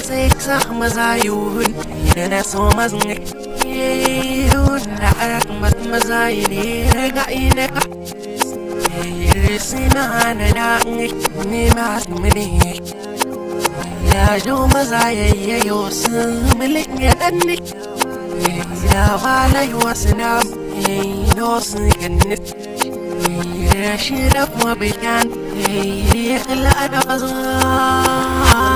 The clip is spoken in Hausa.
Azeksa mazayun Yana so mazun Yun Arat mazayin Rega ineka Sina na Ni mat Ya jo mazayayi yosin Milik ya danni Ya wala yosinam Yosin gannit Shirap mabikan Yekla da bazan